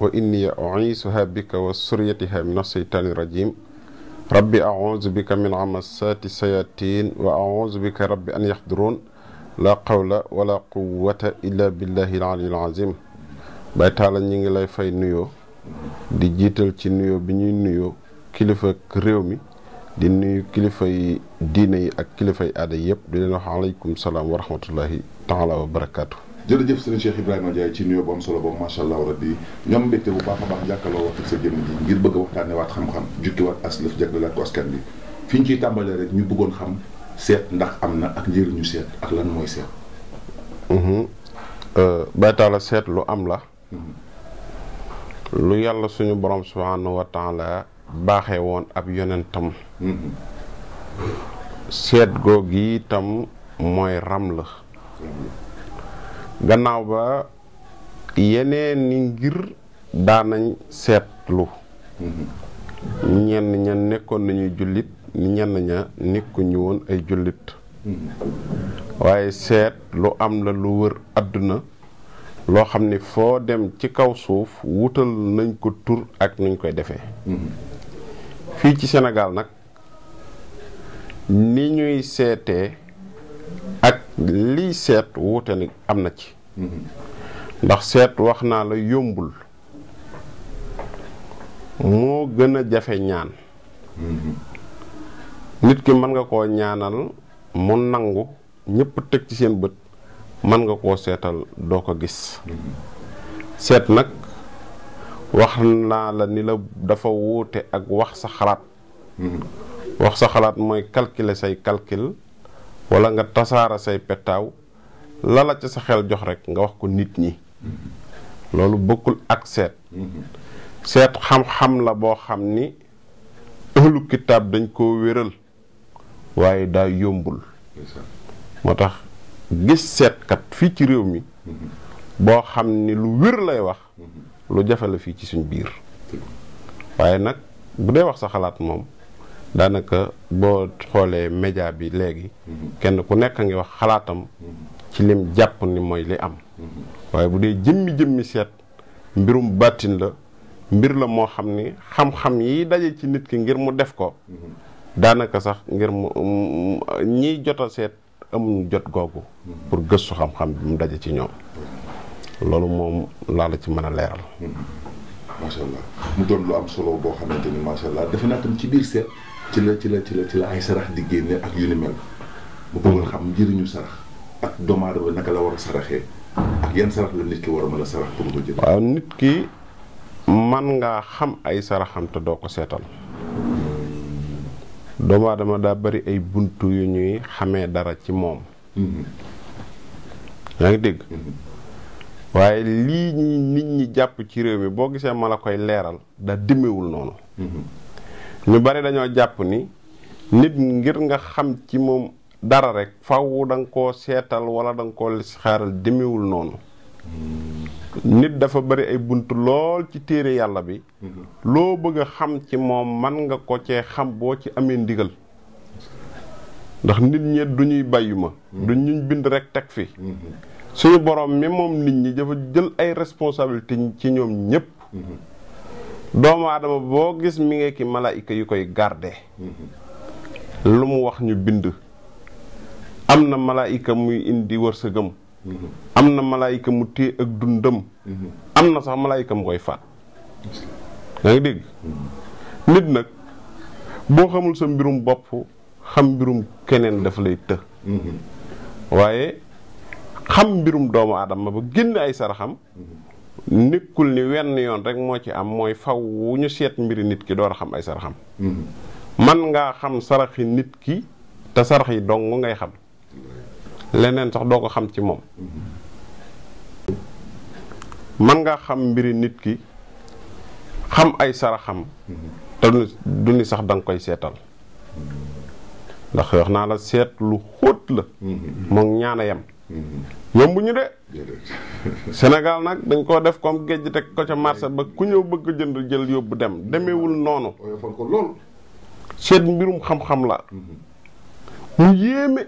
wa inni u'iisuha bika wa suryatiha min asseytaani rajim rabbi auzu bika min amasaati sayatin wa auzu bika rabbi an yaxduruun la qawla wala quwata illa billahi aliyil azim Baay Taala ñi ngi lay fay nuyoo di jiital ci nuyoo bi ñuy nuyoo kilifa réew mi di nuyu kilifay diine yi ak kilifay aada yëpp di leen wax aleykum salaam wa rahmatullahi taala wa barakaatu. jërëjëf sëriñ Cheikh Ibrahima Ndiaye ci nuyoo bu am solo boobu macha allah rabbi ñu am mbégte bu baax a baax jàkkaloo wax ak sa jëmm ji ngir bëgg a waat xam-xam jukki waat aslëf jagleelaat ko askan bi fiñ ñu ciy tàmbalee rek ñu bëggoon xam seet ndax am na ak ñu seet ak lan mooy seet mhm. euh, baytaala seet lu am la mhm. lu yàlla suñu borom subhanahu wa taala baaxee woon ab yonentam mhm. seet googi itam mooy ram la gannaaw ba yeneen ni ngir daanañ seetlu ñenn ña nekkoon nañuy jullit ñenn ña nekkuñu woon ay jullit waaye seet lu am la lu wër àdduna loo xam ni foo dem ci kaw suuf wutal nañ ko tur ak nuñ koy defee fii ci Sénégal nag ni ñuy seetee lii seet wuute ni am na ci ndax seet wax naa la yombul moo gën a jafe ñaan nit ki mën nga koo ñaanal mu nangu ñépp teg ci seen bët mën nga koo seetal doo ko gis seet nag wax naa la ni la dafa wuute ak wax sa xalaat mm-hmm. wax sa xalaat mooy calculer say calcul wala nga tasaara say la la ci sa xel jox rek nga wax ko nit ñi loolu bokul ak seet seet xam-xam la boo xam ni ëhlu kitab dañ ko wéral waaye daa yombul moo tax gis kat fii ci réew mi boo xam ni lu wér lay wax lu jafe la ci suñ biir waaye nag bu dee wax sa xalaat moom daanaka boo xoolee média bi léegi mm-hmm. kenn ku nekk a ngi wax xalaatam mm-hmm. ci lim jàpp ni mooy li am mm-hmm. waaye bu dee jëmmi-jëmmi seet mbirum bàttin la mbir la moo xam ni xam-xam yi daje ci nit ki ngir mu def ko daanaka sax ngir mu ñiy jot seet amuñu jot googu pour gëstu xam-xam bi mu daje ci ñoom loolu moom laa la ci mën a leeral macha mu doon lu am solo boo xamante ni macha allah defe naa tam ci biir seet ci la ci la ci la ci la ay sarax di génne ak yu ni mel mu bëggul xam njëriñu sarax ak doomu ba naka la war a saraxee ak yan sarax la nit ki war a mën a sarax pour ko jël waaw nit ki man nga xam ay saraxam te doo ko seetal doomu aadama daa bari ay buntu yu ñuy xamee dara ci moom mhm. yaa ngi dégg mhm. waaye lii ñi nit ñi jàpp ci réew mi boo gisee ma la koy leeral daa demewul noonu mhm ñu bari dañoo jàpp ni nit ngir nga xam ci moom dara rek faaw dang ko seetal wala dang ko xaaral demewul noonu nit dafa bari ay buntu lool ci téere yàlla bi loo bëgg a xam ci moom man nga ko ci xam boo ci amee ndigal ndax nit ñe duñuy ñuy ma bind rek teg fi suñu borom mi moom nit ñi dafa jël ay responsabilité ci ñoom ñëpp doomu aadama boo gis mi ngi ki malaayika yu koy garde lu mu wax ñu bind am na malaayika muy indi gëm am na malaayika mu téye ak dundam am na sax malaayika mu koy faat yaa dégg nit nag boo xamul sa mbirum bopp xam mbirum keneen dafa lay të waaye xam mbirum doomu aadama ba génn ay saraxam nekkul ni wenn yoon rek moo ci am mooy faw wu ñu seet mbiri nit ki door xam ay saraxam mm-hmm. man nga xam saraxi nit ki te sarax yi dong ngay xam leneen sax doo ko xam ci moom mm-hmm. man nga xam mbiri nit ki xam ay saraxam mm-hmm. te du ni sax dang koy seetal ndax wax naa la seet lu xóot la ñaanayam yombu ñu de. Sénégal nag dañ koo def koom géej teg ko ca marché ba ku ñëw bëgg a jënd jël yóbbu dem demewul noonu. oyofal lool. seet mbirum xam-xam la. Mm-hmm. mu yéeme.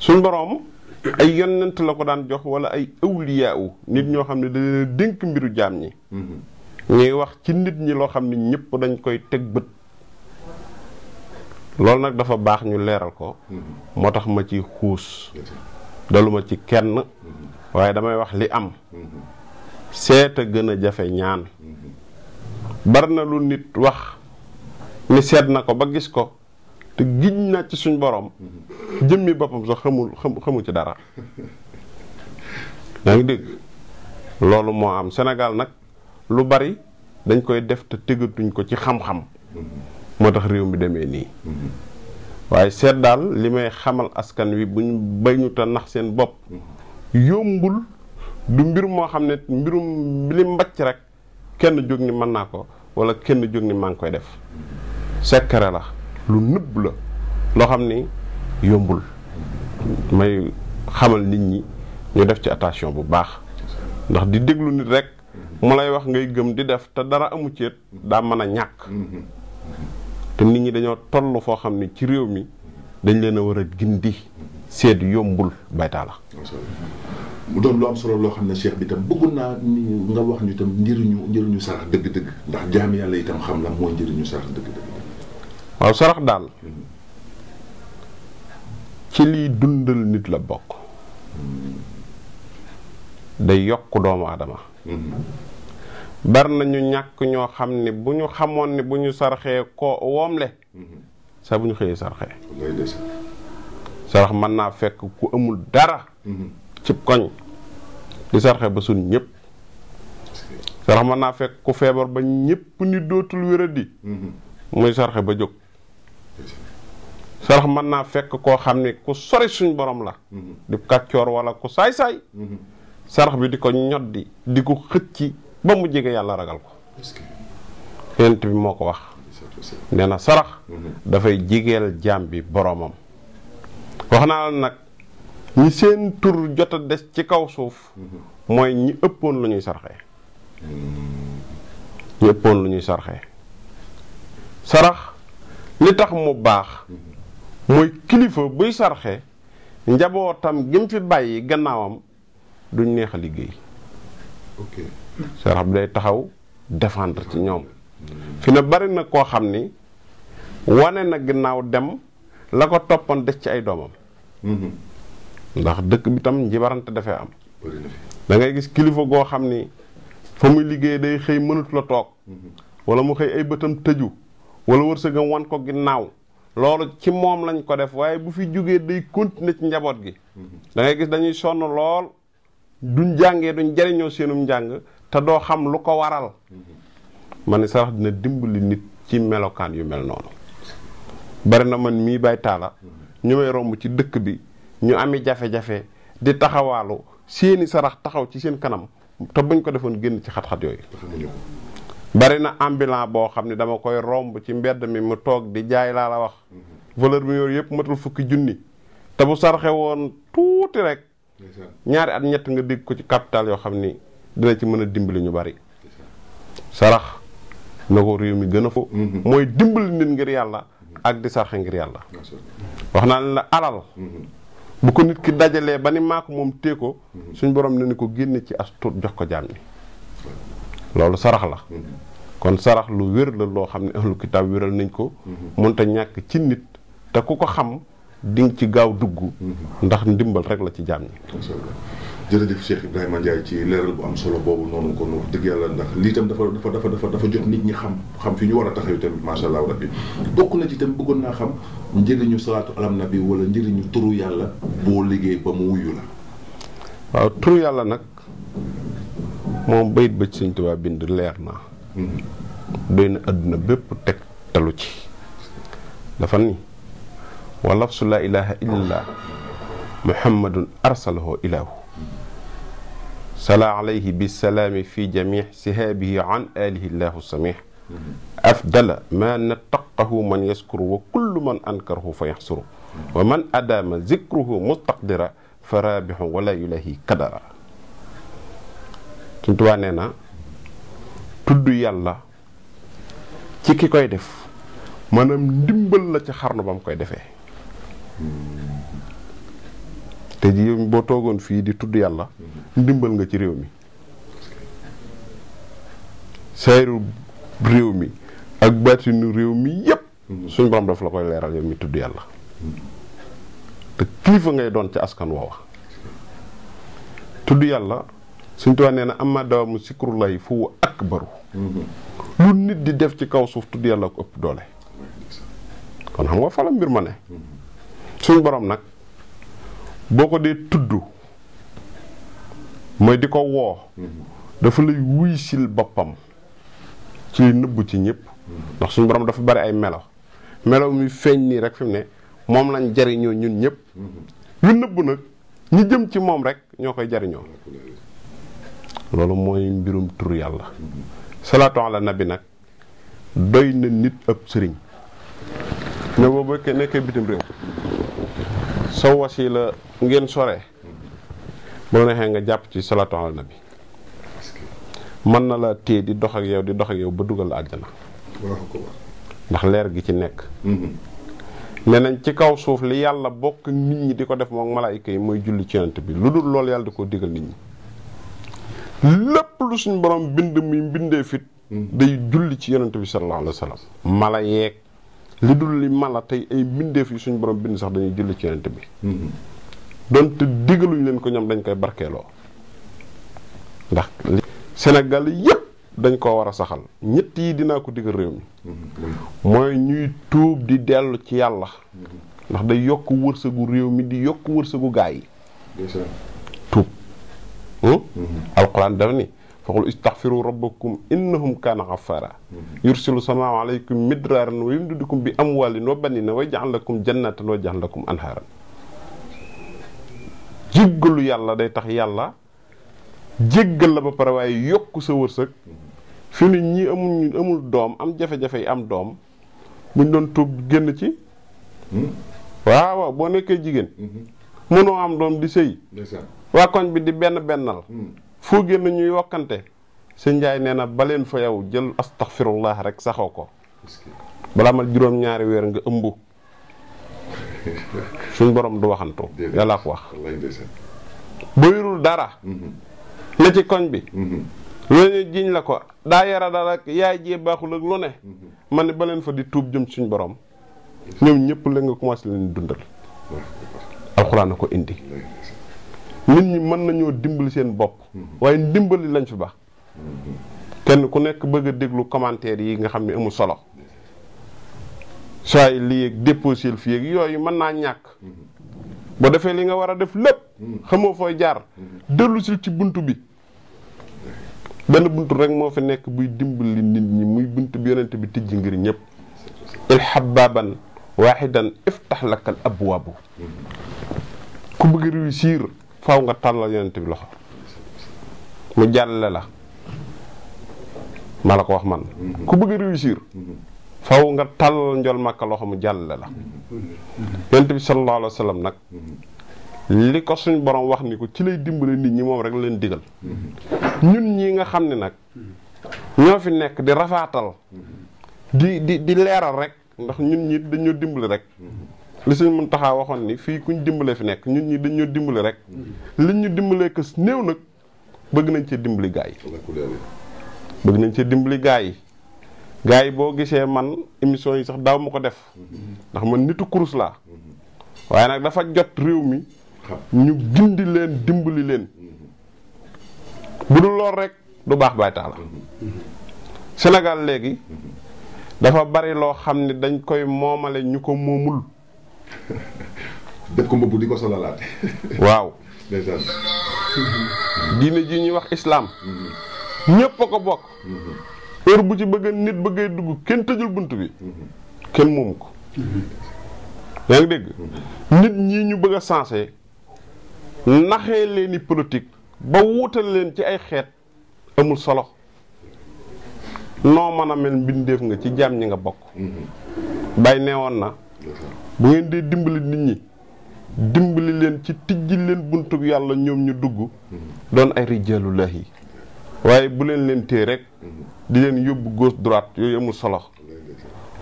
suñ boroom ay yonent la ko daan jox wala ay awliyaawu nit ñoo xam ne da dénk mbiru jaam ñi. Mm-hmm. ñuy wax ci nit ñi loo xam ne ñépp dañ koy teg bët. loolu nag dafa baax ñu leeral ko. Mm-hmm. moo tax ma ci xuus. daluma ci kenn waaye damay wax li am seet a gën a jafe ñaan bari na lu nit wax ni seet na ko ba gis ko te giñ na ci suñ boroom jëmmi boppam sax xamul xamu ci dara yaa ngi dégg loolu moo am senegal nag lu bari dañ koy def te tëggatuñ ko ci xam-xam moo tax réew mi demee nii waaye seet daal li may xamal askan wi bu ñu bañu nax seen bopp yombul du mbir moo xam ne mbirum li mbacc rek kenn jóg ni mën naa ko wala kenn jóg ni maa ngi koy def sekkare la lu nëbb la loo xam ni yombul may xamal nit ñi ñu def ci attention bu baax ndax di déglu nit rek mu lay wax ngay gëm di def te dara amu ceet daa mën a ñàkk te nit ñi dañoo toll foo xam ne ci réew mi dañ leen a war a gindi seet yombul baytaala mu doon lu am solo loo xam ne cheikh bi tam bëggoon naa nga wax ñu tam njëriñu njëriñu sarax dëgg-dëgg ndax jaami yàlla itam xam la mooy njëriñu sarax dëgg-dëgg waaw sarax daal ci liy dundal nit la bokk hmm. day yokk doomu aadama hmm. bari na ñu ñàkk ñoo xam ne bu ñu xamoon ne bu ñu sarxee ko woomle saa bu ñu xëyee sarxee sarax mën naa fekk ku amul dara mhm. cib koñ di sarxe ba suñ ñëpp sarax mën naa fekk ku feebar ba ñëpp ni dootul wéradi mhm. muy sarxe ba jóg sarax mën naa fekk koo xam ne ku sori suñ borom la mhm. di kàccoor wala ku saay-saay sarax bi di ko ñoddi di ko xëcci ba mu jege yàlla ragal ko yonent bi moo ko wax nee na sarax dafay jigeel jaam bi boroomam wax naa la nag ñi seen tur jot a des ci kaw suuf mooy ñi ëppoon lu ñuy sarxee ñi ëppoon lu ñuy sarxee sarax li tax mu baax mooy kilifa buy sarxe njabootam gi mu fi bàyyi gannaawam duñ neex a liggéey Cheikh Abdou day taxaw défendre ci ñoom fi ne bari na koo xam ni wane na ginnaaw dem la ko toppoon des ci ay doomam mm-hmm. ndax dëkk bi tam njibarante dafee am dangay gis kilifa goo xam ni fa muy liggéey day xëy mënatu la toog mm-hmm. wala mu xëy ay bëtam tëju wala wërsëgam wan ko ginnaaw loolu ci moom lañ ko def waaye bu fi jógee day continuer ci njaboot gi mm-hmm. dangay gis dañuy sonn lool duñ jàngee duñ jariñoo seenum njàng te doo xam lu ko waral ma ne sarax dina dimbali nit ci melokaan yu mel noonu bari na man mii bay taala ñu may romb ci dëkk bi ñu ami jafe-jafe di taxawaalu seeni sarax taxaw ci seen kanam te buñ ko defoon génn ci xat-xat yooyu bari na ambulant boo xam ne dama koy romb ci mbedd mi mu toog di jaay laa la wax valeur bi yooyu yëpp matul fukki junni te bu sarxe woon tuuti rek ñaari at ñett nga dégg ko ci capital yoo xam ni dina ci mën a dimbali ñu bari sarax na ko réew mi gën a fo mhm. mooy dimbali nit ngir yàlla ak di sarxe ngir yàlla wax naa leen la alal bu ko nit ki dajalee ba ni maako moom tée ko mhm. suñ borom ne ni ko génne ci as tuut jox ko jaam yi loolu sarax la mhm. kon sarax lu wér la loo xam ne ahlu kitaab wéral nañ ko mënta ñàkk ci nit te ku ko xam di ci gaaw dugg ndax ndimbal rek la ci jaam ñi jërëjëf Cheikh Ibrahima Ndiaye ci leeral bu am solo boobu noonu kon wax dëgg yàlla ndax lii tam dafa dafa dafa dafa dafa jox nit ñi xam xam fi ñu war a taxaw tamit macha allah rabbi bokk na ci tam bëggoon naa xam njëriñu salaatu alam nabi wala njëriñu turu yàlla boo liggéey ba mu wuyu la. waaw turu yàlla nag moom bayit ba ci Sëñ Tuubaa bind leer naa. Hmm. doy na àdduna bépp teg talu ci. dafa ni wa lafsu laa ilaaha muhammadun arsalahu ilahu صلى عليه بالسلام في جميع سهابه عن آله الله السميح أفضل ما نتقه من يذكر وكل من أنكره فيحصره ومن أدام ذكره مستقدرا فرابح ولا يلهي كدرا tuntuwaa nee تدو tudd تيكي كوي ديف مانام ديمبل لا تي خارنو بام كوي ديفه te ji bo togon fi di tuddu yalla ndimbal nga ci réew mi sayru réew mi ak batinu réew mi yépp suñ borom daf la koy leral yow mi tuddu yalla te kilifa ngay doon ci askan woowa tudd yàlla suñ tuwaa nee na amma dawamu sikrullahi fu akbaru lu nit di def ci kaw suuf tuddu yalla ko ëpp doole kon xam nga la mbir ma ne borom nag boo ko dee tudd mooy di ko woo dafa lay wuy sil boppam ci lay nëbbu ci ñëpp ndax suñu borom dafa bari ay melo melo mi feeñ nii rek fi ne moom lañ jariñoo ñun ñëpp yu nëbbu nag ñu jëm ci moom rek ñoo koy jariñoo loolu mooy mbirum tur yàlla salaatu ala nabi nag doy na nit ab sëriñ ne boo nekkee bitim réew saw wasila ngeen sore bu ne nga japp ci salatu ala nabi man na la téye di dox ak yow di dox ak yow ba duggal aljana ndax leer gi ci nekk nenañ ci kaw suuf li yàlla bokk nit ñi di ko def moom malaayika yi mooy julli ci yonent bi lu dul loolu yàlla di ko digal nit ñi lépp lu suñ borom bind muy mbindee fit hmm. day julli ci yonent bi sallallahu alayhi wa sallam mala yeeg li dul li mala tey ay mbindeef yu suñu borom bind sax dañuy julli ci yonent bi mhm. donte digaluñ leen ko ñoom dañ koy barkeeloo ndax senegal yépp dañ koo war a saxal ñett yi dinaa ko digal réew mi mhm. mooy ñuy tuub di dellu ci yàlla mhm. ndax day yokk wërsëgu réew mi di yokk wërsëgu gaa yi tuub hmm? alxuraan daf ni فقل استغفروا ربكم إنهم كان غفارا يرسل السماء عليكم مدرارا ويمددكم بأموال وبنين ويجعل لكم جنات ويجعل لكم أنهارا jéggalu yàlla day tax yàlla jéggal la ba pare waaye yokk sa wërsëg fi nit ñi amul amul doom am jafe-jafe yi am doom buñ doon tuub génn ci waaw waaw boo nekkee jigéen mm-hmm. mënoo am doom di sëy waa koñ bi di benn bennal mm. foo génn ñuy wokkante sëñ Njaay nee na baleen fa yow jël astaxfirullah rek saxoo ko balaa mal juróom-ñaari weer nga ëmb suñ borom du waxantu yàllaa ko wax ba yorul dara mm-hmm. na ci koñ bi mm-hmm. loolu ñu jiñ la ko daa yara dara yaay jee baaxul ak lu ne mm-hmm. man baleen fa di tuub jëm suñ boroom ñoom ñëpp la nga commencé leen dundal alxuraan ko indi nit ñi mën nañoo dimbali seen bopp waaye ndimbali lañ fi ba kenn ku nekk bëgg a déglu commentaire yi nga xam ni amul solo soit lii ak déposé fi yeeg yooyu mën naa ñàkk boo defee li nga war a def lépp xamoo fooy jaar dellu sil ci bunt bi benn bunt rek moo fi nekk buy dimbali nit ñi muy bunt bi yonent bi tijji ngir ñëpp ilhababan waaxidan iftax lakal abwaabu ku bëgg réussir faw nga tàllal yonent bi loxo mu jàlle la ma la ko wax man mm-hmm. ku bëgg a réussir mm-hmm. faw nga tàllal njol màkka loxo mu jàlle la mm-hmm. yonent bi sallallahu alayhi wa sallam nag li ko suñ boroom wax ni ko ci lay dimbale nit ñi moom rek leen digal ñun ñii nga xam ne nag ñoo fi nekk di rafaatal di di di leeral rek ndax ñun ñi dañoo dimbali rek li sëñ Muntaxa waxoon ni fii kuñ dimbale fi nekk ñun ñi dañ ñoo dimbale rek mm-hmm. li ñu dimbalee kës néew nag bëgg nañ cee dimbali gaa yi bëgg nañ cee dimbali gaa yi yi boo gisee man émission yi sax daaw ma ko def mm-hmm. ndax man nitu kurus laa mm-hmm. waaye nag dafa jot réew mi ñu gindi leen dimbali leen bu du lool rek du baax baay taala Sénégal léegi dafa bari loo xam ne dañ koy moomale ñu ko moomul def ko mbubb di ko solo solalaate waaw ndeysaan diine ji ñuy wax islaam mm-hmm. ñëpp ko bokk mm-hmm. heure bu ci bëgg nit bëggee dugg kenn tëjul bunt bi mm-hmm. kenn moomu ko yaa ngi dégg nit ñi ñu bëgg a sensé naxee leen i politique ba wuutal leen ci ay xeet amul solo noo mën a mel mbindeef nga ci jaam ñi nga bokk bay neewoon na bu ngeen dee dimbali nit ñi dimbali leen ci tijji leen buntu yàlla ñoom ñu dugg doon ay rijaalullahi waaye bu leen leen téye rek di leen yóbbu gauche droite yooyu amul solo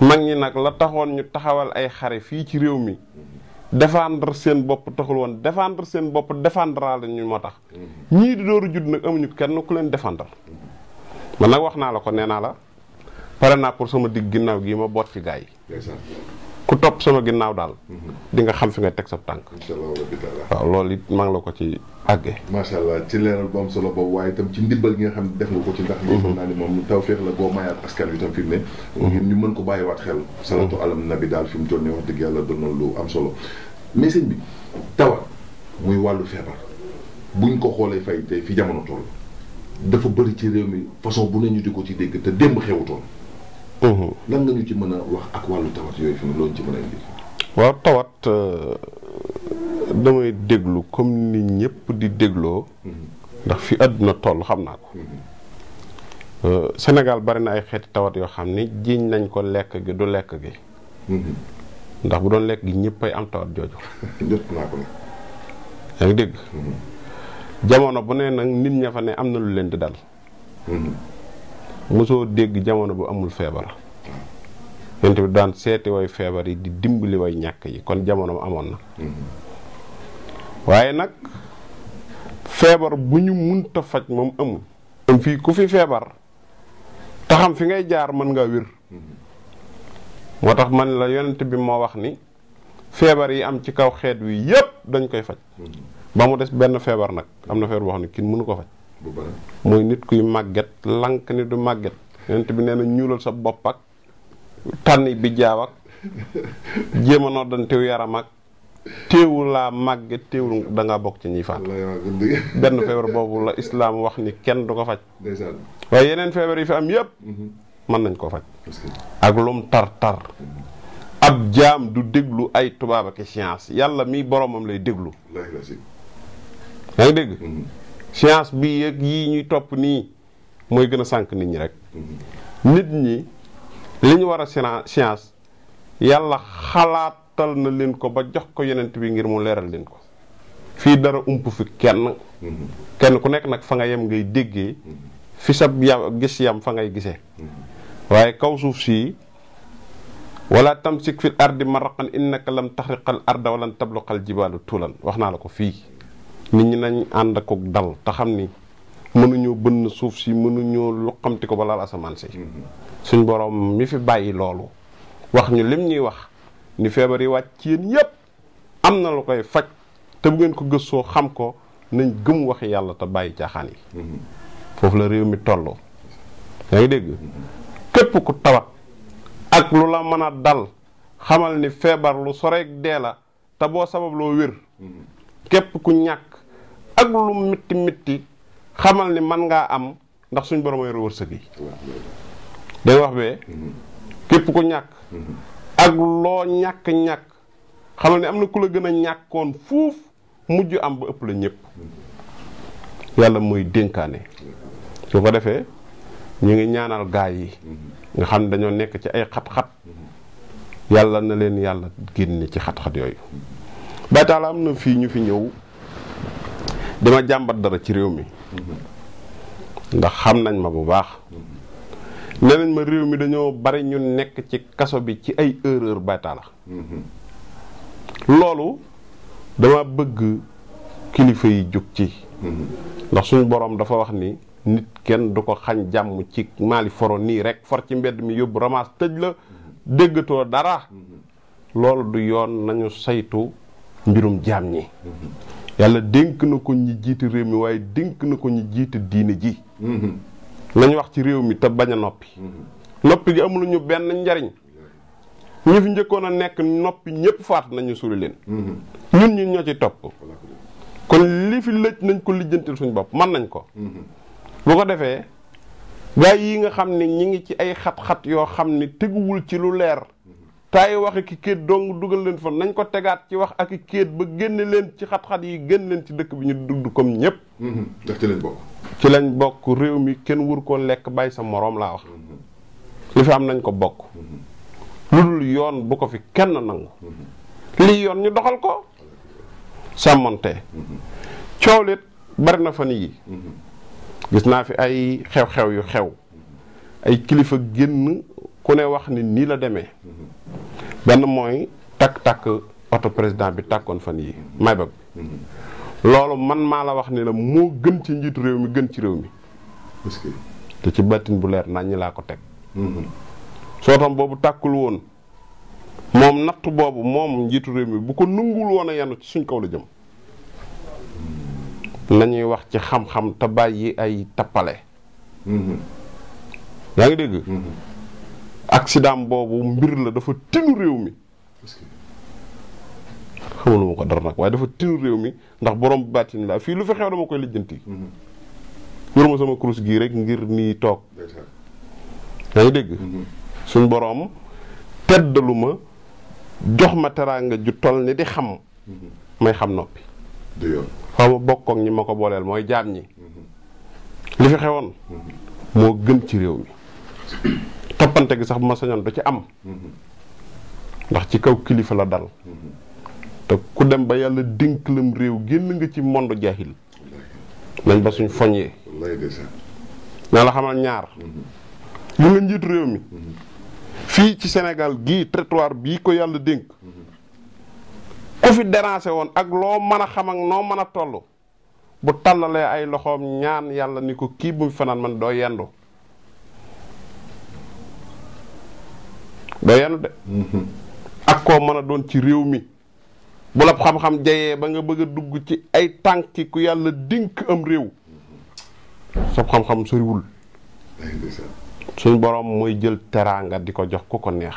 mag ñi nag la taxoon ñu taxawal ay xare fii ci réew mi défendre seen bopp taxul woon défendre seen bopp défendral ñu moo tax ñii di dooru judd nag amuñu kenn ku leen défendre man nag wax naa la ko nee naa la pare naa pour sama digg ginnaaw gii ma boot ci gaa yi ku topp sama ginnaaw daal mhm. di nga xam fi nga teg sa tànk waaw loolu it maa la ko ci àggee macha allah ci leeral bu am solo boobu waaye itam ci ndimbal gi nga xam def nga ko ci ndax mhm. xam naa ni moom tawféex la boo mayaat askan wi itam fi mu ne mhm. xel salatu alam nabi daal fi mu toll nii wax dëgg yàlla doon na lu am solo muy wàllu feebar buñ ko xoolee fay tey fi jamono toll dafa bëri ci réew mi façon bu ne ñu di ko ci dégg te démb xewutoon Mhm. lan nga ci mën a wax ak tawat waaw tawat euh, damay déglu comme nit ñëpp di dégloo. Mhm. ndax fi àdduna toll xam naa ko. Mhm. Euh, Sénégal bari na ay xeeti tawat yoo xam ni jiiñ nañ ko lekk gi du lekk gi. ndax bu doon lekk gi ñëppay am tawat jooju. jot ngi dégg. jamono bu ne nag nit ña fa ne am na lu leen di dal. mosoo dégg jamono bu amul feebar yonent bi daan seeti way feebar yi di dimbali way ñàkk yi kon jamono amoon na mm-hmm. nag feebar bu faj moom am fii ku fi feebar taxam fi ngay jaar mën ngaa wér mm-hmm. moo tax man la yonent bi moo wax ni feebar yi am ci kaw xeet wi yépp dañ koy faj mm-hmm. ba mu des benn feebar nag am na feebar boo xam ne kin mënu ko faj muy nit kuy màgget lank ni du màgget yonent bi neena ñuulal sa bopp ak tànn bi jaaw ak jéem a noddantew yaram ak téewul laa màgge téewul da nga bokk ci ñuy faat benn feebar boobu la islam wax ni kenn du ko faj waaye yeneen feebar yi fi am yépp man mhm. nañ ko faj ak lum tar tar mhm. ab jaam du déglu ay tubaab ak science yàlla mi boromam lay déglu yaa ngi dégg mhm. science bi yëg yii ñuy topp nii mooy gën a sànq nit ñi rek nit ñi li ñu war a science yàlla xalaatal na leen ko ba jox ko yenent bi ngir mu leeral leen ko fii dara ump fi kenn kenn ku nekk nag fa nga yem ngay déggee mm-hmm. fi sa yam gis yam fa ngay gisee mm-hmm. waaye kaw suuf si wala tamsik fil ardi maraqan nag lam taxriqal arda walan tabluqal jibaalu tuulan wax naa la ko fii nit ñi nañ ànd ak dal te xam ni mënuñoo bënn suuf si mënuñoo luqamti ko ba laal asamaan si mm-hmm. suñ borom mi fi bàyyi loolu wax ñu lim ñuy wax ni feebar yi wàcc ci yéen yépp am na lu koy faj te bu ngeen ko xam ko nañ gëm wax yàlla te bàyyi caaxaan yi mm-hmm. foofu la réew mi toll yaa ngi dégg ku tawat ak lu la mën dal xamal ni feebar lu soreeg dee la te boo sabab loo wér mm-hmm. képp ku ñàkk ak lu metti metti xamal ni man nga am ndax suñu borom yor wërsëg yi day wax be kep ko ñak ak lo ñak ñak xamal ni am kula gëna ñakoon gën a fuuf am ba ëpp la ñëpp yalla moy denkané su ko défé ñi ngi ñaanal gaay yi nga xam dañu nekk ci ay xat-xat yalla na leen yalla genn ci xat-xat yooyu ba taala amna fi ñu fi ñëw dama jàmbat dara ci réew mi ndax xam nañ ma bu baax nee ma réew mi dañoo bari ñu nekk ci kaso bi ci ay erreur baytaala loolu dama bëgg kilifa yi jóg ci ndax suñu boroom dafa wax ni nit kenn du ko xañ jàmm ci maali foro nii rek for ci mbedd mi yóbbu ramas tëj la déggatoo dara loolu du yoon nañu saytu mbirum jaam ñi yàlla dénk na ko ñi jiite réew mi waaye dénk na ko ñu jiite diine ji mm-hmm. nañ wax ci réew mi te bañ a noppi mm-hmm. noppi gi amul ñu benn njariñ ñi fi njëkkoon a nekk noppi ñëpp faat nañu suri leen mm-hmm. ñun ñun ñoo ci topp kon li fi lëj nañ ko lijjantil suñu bopp mën nañ ko bu ko defee gaa yi nga xam ne ñi ngi ci ay xat-xat yoo xam ne teguwul ci lu leer taay wax ak i kéet dong dugal leen fa nañ ko tegaat ci wax ak i kéet ba génne leen ci xat-xat yi génn leen ci dëkk bi ñu dugg comme ñëpp. Mhm. ndax ci lañ bokk. ci lañ bokk réew mi kenn wur koo lekk bàyyi sa moroom laa wax. Mhm. li fi am nañ ko bokk. Mhm. lu dul yoon bu ko fi kenn nangu. lii yoon ñu doxal ko. sàmmante. coow lit bari na fan yii. gis naa fi ay xew-xew yu xew. ay kilifa génn ku ne wax ni nii la demee. benn mooy takk-takk oto président bi tàkkoon fan yi may ba loolu man maa la wax ne la moo gën ci njiitu réew mi gën ci réew mi te ci battin bu leer nañ ñi laa ko teg mm-hmm. sootam boobu tàkkul woon moom natt boobu moom njiitu réew mi bu ko nungul woon a yanu ci suñ kaw la jëm lañuy mm-hmm. wax ci xam-xam te bàyyi ay tappale mm-hmm. yaa ngi dégg accident boobu mbir la dafa tinu réew mi xamaluma ko dara nag waaye dafa tinu réew mi ndax borom bàttin la fii lu fi xew dama koy lijjanti mhm. yor ma sama kurus gii rek ngir nii toog yaa ngi dégg mhm. jox ma teraanga ju toll ni di xam mhm. may xam noppi faa bokk ak ma ko booleel mooy jaam ñi li fi xewoon moo gën ci réew mi topante gi sax bu ma sañon du ci am ndax ci kaw kilifa la dal te ku dem ba yàlla dénk lam réew génn nga ci monde jahil lañ ba suñ foñee la xamal ñaar li nga njiit réew mi fii ci Sénégal gii territoire bii ko yàlla dénk ku fi dérancé woon ak loo mën a xam ak noo mën a toll bu tàllalee ay loxoom ñaan yàlla ni ko kii bu fanaan man doo da yenu de ak ko meuna don ci rew mi bu la xam-xam jeye ba nga bëgg dugg ci ay tanki ku yalla dink am rew sa xam-xam wul suñ borom moy jël teranga diko ko jox ku ko neex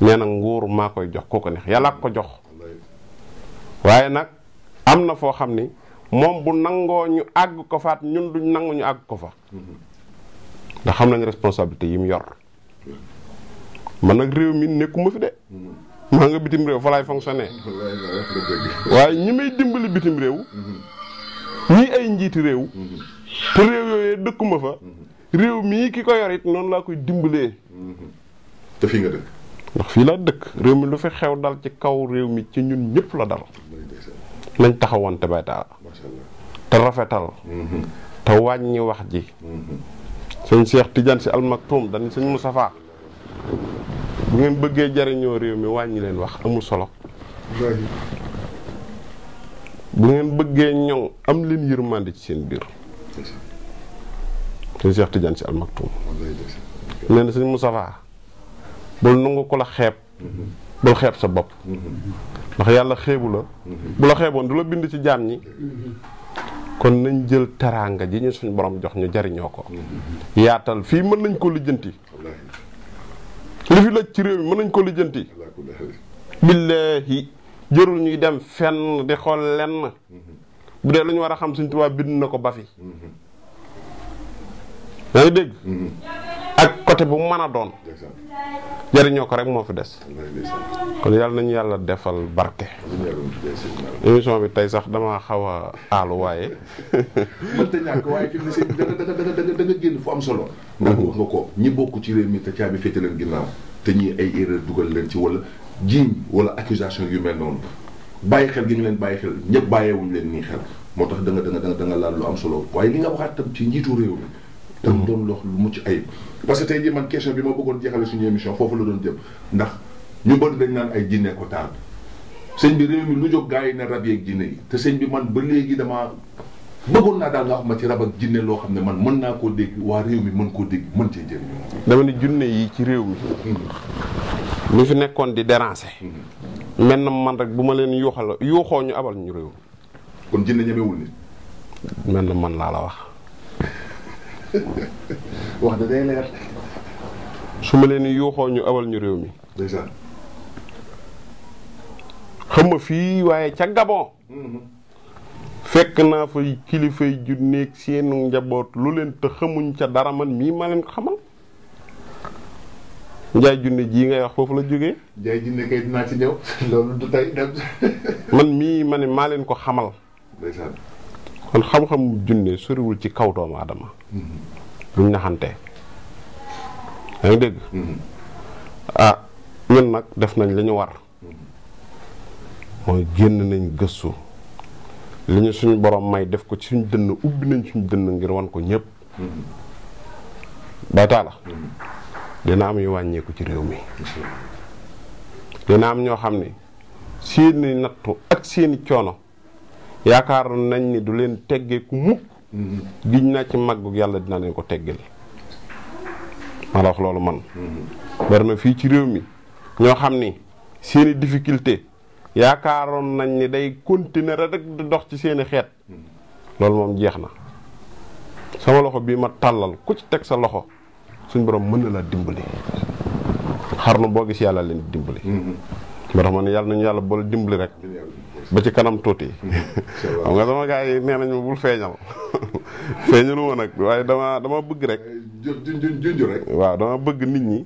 neena nguur koy jox ku ko neex yalla ko jox waye nak amna fo xamni mom bu nango ñu ag ko faat ñun duñ nangu ñu ag ko fa da xam nañ responsabilité yim yor man nag réew mi nekkuma fi de. Mm-hmm. maa nga bitim réew fa laay fonctionné. waaye ñi may dimbali bitim réew. Mm-hmm. ñii ay njiiti réew. Mm-hmm. te réew yooyu dëkkuma fa. réew mii ki ko yor noonu laa koy dimbalee. fii nga dëkk. ndax fii laa dëkk réew mi lu fi xew dal ci kaw réew mi ci ñun ñëpp la dal. nañ taxawoon te baytaal. te rafetal. te wàññi wax ji. sëñ Cheikh Tidiane si almaktoum dañ sëñ Moustapha bu ngeen bëggee jariñoo réew mi wàññi leen wax amul solo bu ngeen bëggee ñoŋ am leen yërmande ci seen biir sëñ Cheikh Tidiane Sy Al Maktoum nee na sëñ Moustapha bul nangu ko la xeeb bul xeeb sa bopp ndax yàlla xeebu la bu la xeeboon du la bind ci jaam ñi kon nañ jël teraanga ji ñu suñ borom jox ñu jariñoo ko yaatal fii mën nañ ko lijjanti li la ci réew mi mën nañ koo lijjanti. billaahi jërul ñuy dem fenn di xool lenn bu dee lu ñu war a xam suñ tubaab bind na ko ba fi ngi dégg mm-hmm. côté bu mu mën a doon jëriñoo ko rek moo fi des kon yàlla nañu yàlla defal barke émission bi tey sax damaa xaw a aalu waaye mënta ñàkk solo ndax ko ñi bokk ci réew mi te caabi féete leen ginnaaw te ñi ay dugal leen ci wala jiiñ wala accusation yu mel noonu bàyyi xel gi leen bàyyi xel ñëpp bàyyeewuñu leen nii xel moo tax da nga da nga da nga laal lu am solo waaye li nga waxaat ci njiitu réew mi te mu mhm. loo lu mucc ayib. parce que tey man question bi ma bëggoon jeexale suñu émission foofu la doon jëm ndax ñu bëri dañ naan ay jinne ko taal sëñ bi réew lu jóg gars yi ne rab yeeg jinne yi sëñ bi man ba léegi damaa bëggoon naa ma ci rab jinne loo xam ne man mën naa koo waa réew mi mën koo dégg mën cee jëriñoo. dama ne junne yi ci réew mi. Mhm. lu fi nekkoon di déranger. Mhm. mel na man rek bu ma leen yooxal yooxoo ñu abal ñu réew. kon jinne ñemewul nit. mel na man laa la wax. wax su ma leen yuuxoo ñu awal ñu réew mi. dèjà. fii waaye ca Gabon. Mm-hmm. fekk naa fa kilifa yi ju seenu njaboot lu leen te xamuñ ca dara man mii ma leen ko xamal. ngay wax foofu la jógee. Njaay man mii ma ne maa leen ko xamal. kon xam-xamu junne soriwul ci kaw doomu aadama buñ mm-hmm. naxante yaa dégg mm-hmm. ah ñun nag def nañ li ñu war mm-hmm. mooy génn nañ gëstu li ñu suñu borom may def ko ci suñ dënn ubbi nañ suñu dënn ngir wan ko ñëpp bay taala dina am yu wàññeeku ci réew mi dina am ñoo xam ni seeni nattu ak seeni coono yaakaar nañ ni du leen teggeeku mukk mhm. giñ naa ci màggug yàlla dina leen ko teggal ma la wax loolu man mhm. bari na fii ci réew mi ñoo xam ni seeni difficulté yaakaaroon nañ ni day continuer rek di dox ci seeni xeet mhm. loolu moom jeex na sama loxo bii ma tàllal ku ci teg sa loxo suñ borom mën na laa dimbali xarnu boo gis yàlla leen dimbali moo tax ma ne yàlla nañu yàlla boole dimbali rek ba ci kanam tuuti. xam nga sama gars yi nee nañ ma bul feeñal feeñalu ma nag waaye dama dama bëgg rek. rek. waaw dama bëgg nit ñi.